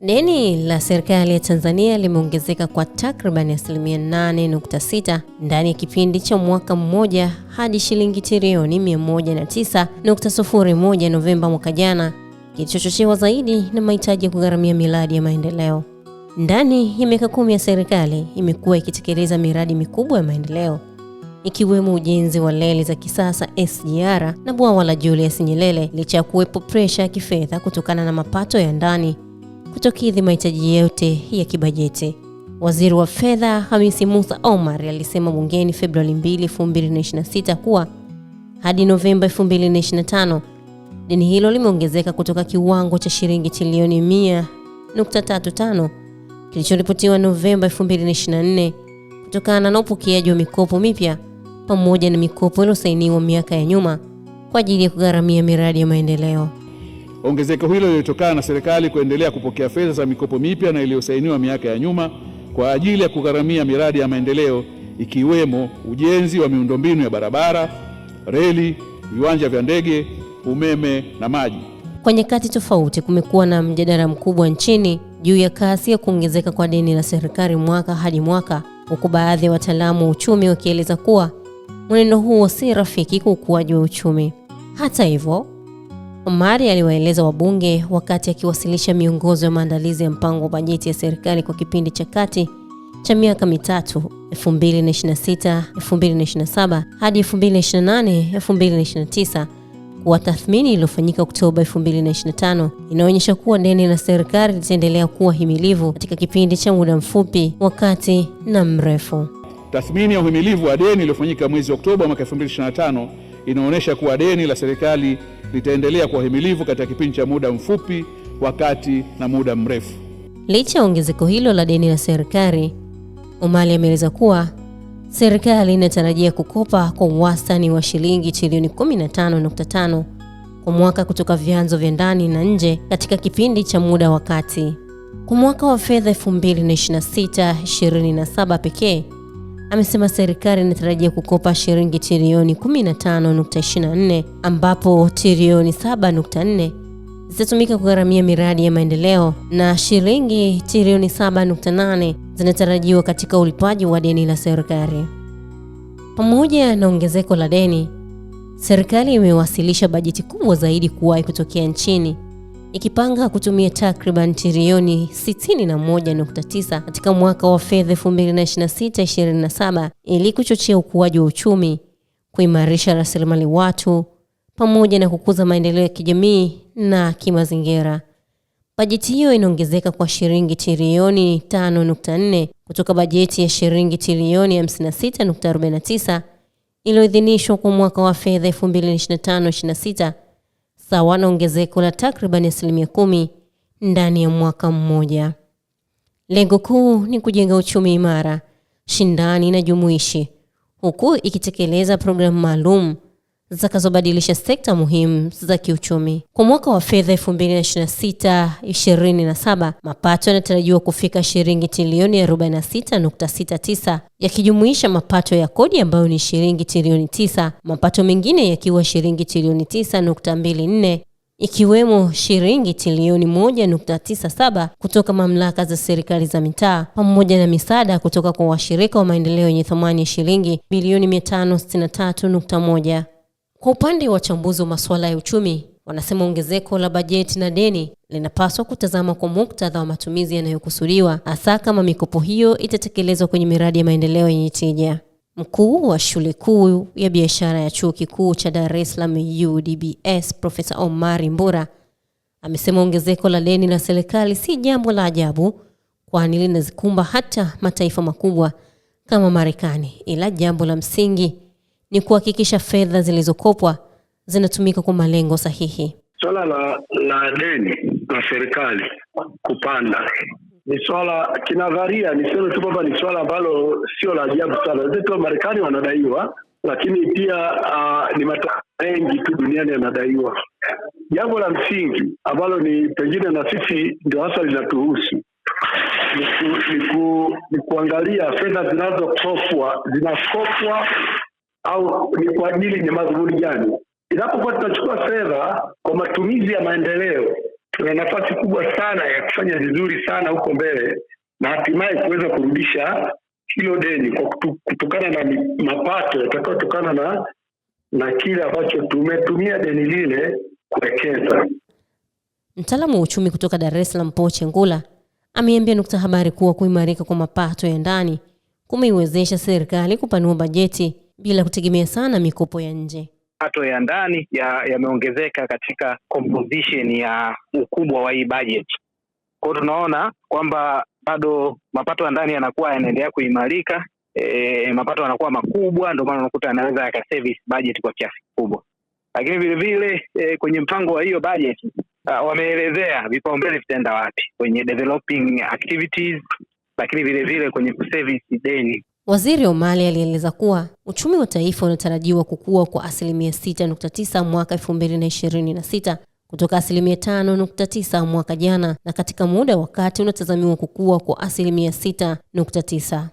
Deni la serikali ya Tanzania limeongezeka kwa takribani asilimia 8.6 ndani ya kipindi cha mwaka mmoja hadi shilingi trilioni 109.01 Novemba mwaka jana, kilichochochewa zaidi na mahitaji ya kugharamia miradi ya maendeleo. Ndani ya miaka kumi ya serikali imekuwa ikitekeleza miradi mikubwa ya maendeleo ikiwemo ujenzi wa reli za kisasa SGR na bwawa la Julius Nyerere licha ya kuwepo presha ya kifedha kutokana na mapato ya ndani kutokidhi mahitaji yote ya kibajeti. Waziri wa Fedha Hamisi Musa Omar alisema bungeni Februari 2, 2026 kuwa hadi Novemba 2025 deni hilo limeongezeka kutoka kiwango cha shilingi trilioni 100.35 kilichoripotiwa Novemba 2024 kutokana na upokeaji wa mikopo mipya pamoja na mikopo iliyosainiwa miaka ya nyuma kwa ajili ya kugharamia miradi ya maendeleo. Ongezeko hilo lilitokana na serikali kuendelea kupokea fedha za mikopo mipya na iliyosainiwa miaka ya nyuma kwa ajili ya kugharamia miradi ya maendeleo ikiwemo ujenzi wa miundombinu ya barabara, reli, viwanja vya ndege, umeme na maji. Kwa nyakati tofauti, kumekuwa na mjadala mkubwa nchini juu ya kasi ya kuongezeka kwa deni la serikali mwaka hadi mwaka, huku baadhi ya wataalamu wa uchumi wakieleza kuwa mwenendo huo si rafiki kwa ukuaji wa uchumi. Hata hivyo Omari aliwaeleza wabunge wakati akiwasilisha miongozo ya maandalizi ya mpango wa bajeti ya serikali kwa kipindi cha kati cha miaka mitatu 2026, 2027 hadi 2028, 2029 kuwa tathmini iliyofanyika Oktoba 2025 inaonyesha kuwa deni la serikali litaendelea kuwa himilivu katika kipindi cha muda mfupi, wakati na mrefu. Tathmini ya uhimilivu wa deni iliyofanyika mwezi Oktoba mwaka 2025 inaonyesha kuwa deni la serikali litaendelea kwa himilivu katika kipindi cha muda mfupi, wakati na muda mrefu. Licha ya ongezeko hilo la deni la serikali, umali ameeleza kuwa serikali inatarajia kukopa kwa wastani wa shilingi trilioni 15.5 kwa mwaka kutoka vyanzo vya ndani na nje katika kipindi cha muda wa kati. Kwa mwaka wa fedha 2026 27 pekee amesema serikali inatarajia kukopa shilingi trilioni 15.24 ambapo trilioni 7.4 zitatumika kugharamia miradi ya maendeleo na shilingi trilioni 7.8 zinatarajiwa katika ulipaji wa deni la serikali. Pamoja na ongezeko la deni, serikali imewasilisha bajeti kubwa zaidi kuwahi kutokea nchini ikipanga kutumia takriban trilioni 61.9 katika mwaka wa fedha 2026-2027 ili kuchochea ukuaji wa uchumi, kuimarisha rasilimali watu pamoja na kukuza maendeleo ya kijamii na kimazingira. Bajeti hiyo inaongezeka kwa shilingi trilioni 5.4 kutoka bajeti ya shilingi trilioni 56.49 iliyoidhinishwa kwa mwaka wa fedha 2025-2026 sawa na ongezeko la takribani asilimia kumi ndani ya mwaka mmoja. Lengo kuu ni kujenga uchumi imara, shindani na jumuishi, huku ikitekeleza programu maalum zitakazobadilisha sekta muhimu za kiuchumi. Kwa mwaka wa fedha 2026/2027 mapato yanatarajiwa kufika shilingi trilioni 46.69 yakijumuisha mapato ya kodi ambayo ni shilingi trilioni 9, mapato mengine yakiwa shilingi trilioni 9.24 ikiwemo shilingi trilioni 1.97 kutoka mamlaka za serikali za mitaa pamoja na misaada kutoka kwa washirika wa maendeleo yenye thamani ya shilingi bilioni 563.1. Kwa upande wa wachambuzi wa masuala ya uchumi, wanasema ongezeko la bajeti na deni linapaswa kutazama kwa muktadha wa matumizi yanayokusudiwa, hasa kama mikopo hiyo itatekelezwa kwenye miradi ya maendeleo yenye tija. Mkuu wa Shule Kuu ya Biashara ya Chuo Kikuu cha Dar es Salaam UDBS, Profesa Omari Mbura amesema ongezeko la deni la serikali si jambo la ajabu, kwani linazikumba hata mataifa makubwa kama Marekani, ila jambo la msingi ni kuhakikisha fedha zilizokopwa zinatumika kwa malengo sahihi. Swala la, la deni la serikali kupanda ni swala kinadharia, niseme tu kwamba ni swala ambalo sio la ajabu sana. Wenzetu wa Marekani wanadaiwa, lakini pia uh, ni mataifa mengi tu duniani yanadaiwa. Jambo la msingi ambalo ni pengine na sisi ndio hasa linatuhusu ni, ku, ni, ku, ni kuangalia fedha zinazokopwa zinakopwa au ni kwa ajili ya madhumuni gani? Inapokuwa tunachukua fedha kwa matumizi ya maendeleo, tuna nafasi kubwa sana ya kufanya vizuri sana huko mbele na hatimaye kuweza kurudisha hilo deni kwa kutu, kutokana na mapato yatakayotokana na na kile ambacho tumetumia deni lile kuwekeza. Mtaalamu wa uchumi kutoka Dar es Salaam Paul Chengula ameiambia Nukta Habari kuwa kuimarika kwa mapato ya ndani kumeiwezesha serikali kupanua bajeti bila kutegemea sana mikopo ya nje. Pato ya ndani yameongezeka ya katika composition ya ukubwa wa hii budget. Kwa tunaona kwamba bado mapato ya ndani yanakuwa yanaendelea kuimarika. E, mapato yanakuwa makubwa, ndio maana unakuta yanaweza yakaservice budget kwa kiasi kikubwa, lakini vilevile e, kwenye mpango wa hiyo budget uh, wameelezea vipaumbele vitaenda wapi kwenye developing activities, lakini vilevile kwenye kuservice deni Waziri Omali alieleza kuwa uchumi wa taifa unatarajiwa kukua kwa asilimia 6.9 mwaka 2026 kutoka asilimia 5.9 mwaka jana, na katika muda wa kati unatazamiwa kukua kwa asilimia 6.9.